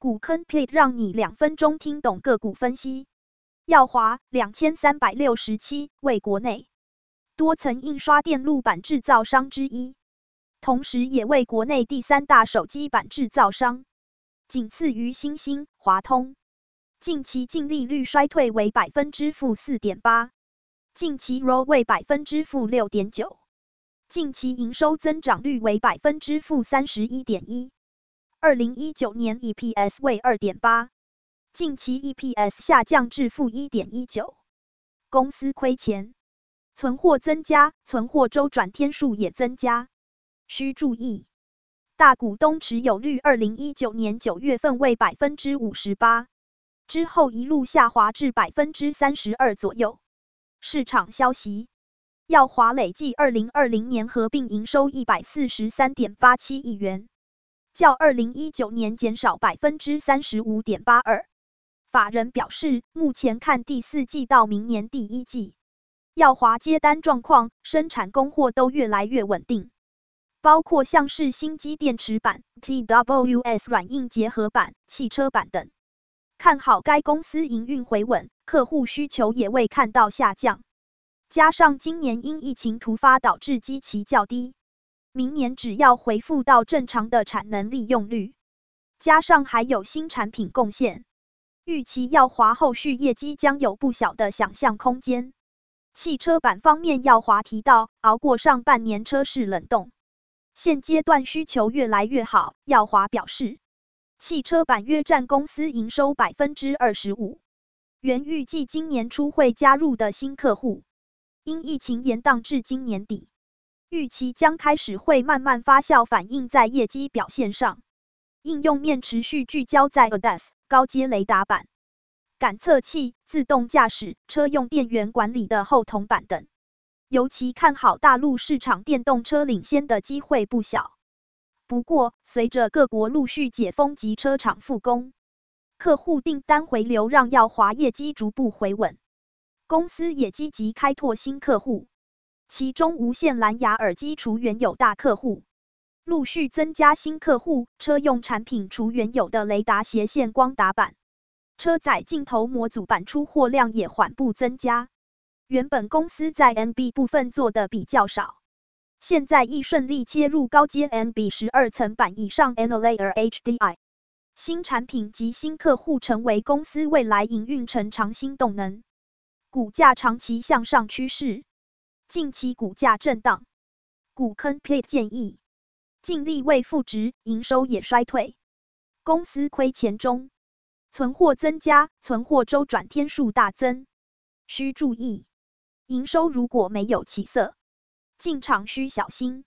股坑派讓你兩分鐘聽懂個股分析。燿華兩千三百六十七為國內多層印刷電路板制造商之一，同時也為國內第三大手機板制造商，僅次於欣興、華通。近期淨利率衰退為百分之負四點八，近期 ROE 為百分之負六點九，近期營收增長率為百分之負三十一點一。二零一九年 EPS 為二點八，近期 EPS 下降至負一點一九，19，公司虧錢，存貨增加，存貨周轉天數也增加，需注意。大股東持有率二零一九年九月份為百分之五十八，之後一路下滑至百分之三十二左右。市場消息，燿華累計二零二零年合併營收一百四十三點八七億元。較二零一九年減少百分之三十五點八二。法人表示，目前看第四季到明年第一季，燿華接單狀況、生產供貨都越來越穩定，包括像是新機電池板、TWS 軟硬結合板、汽車板等，看好該公司營運回穩，客戶需求也未看到下降，加上今年因疫情突發導致基期較低。明年只要恢復到正常的產能利用率，加上還有新產品貢獻，預期燿華後續業績將有不小的想象空間。汽車板方面，燿華提到熬過上半年車市冷凍，現階段需求越來越好。燿華表示，汽車板約佔公司營收百分之二十五，原預計今年初會加入的新客戶，因疫情延宕至今年底。預期將開始會慢慢發酵，反映在業績表現上。應用面持續聚焦在 ADAS 高階雷達板、感測器、自動駕駛、車用電源管理的厚銅板等，尤其看好大陸市場電動車領先的機會不小。不過，隨着各國陸續解封及車廠復工，客戶訂單回流讓耀華業績逐步回穩，公司也積極開拓新客戶。其中無線藍牙耳機除原有大客戶，陸續增加新客戶；車用產品除原有的雷達斜線光達板、車載鏡頭模組板出貨量也緩步增加。原本公司在 NB 部分做的比較少，現在亦順利切入高階 NB 十二層板以上 Any Layer HDI。新產品及新客戶成為公司未來營運成長新動能，股價長期向上趨勢。近期股價震盪，股坑 PIT 建議淨利為負值，營收也衰退，公司虧錢中，存貨增加，存貨週轉天數大增，需注意，營收如果沒有起色，進場需小心。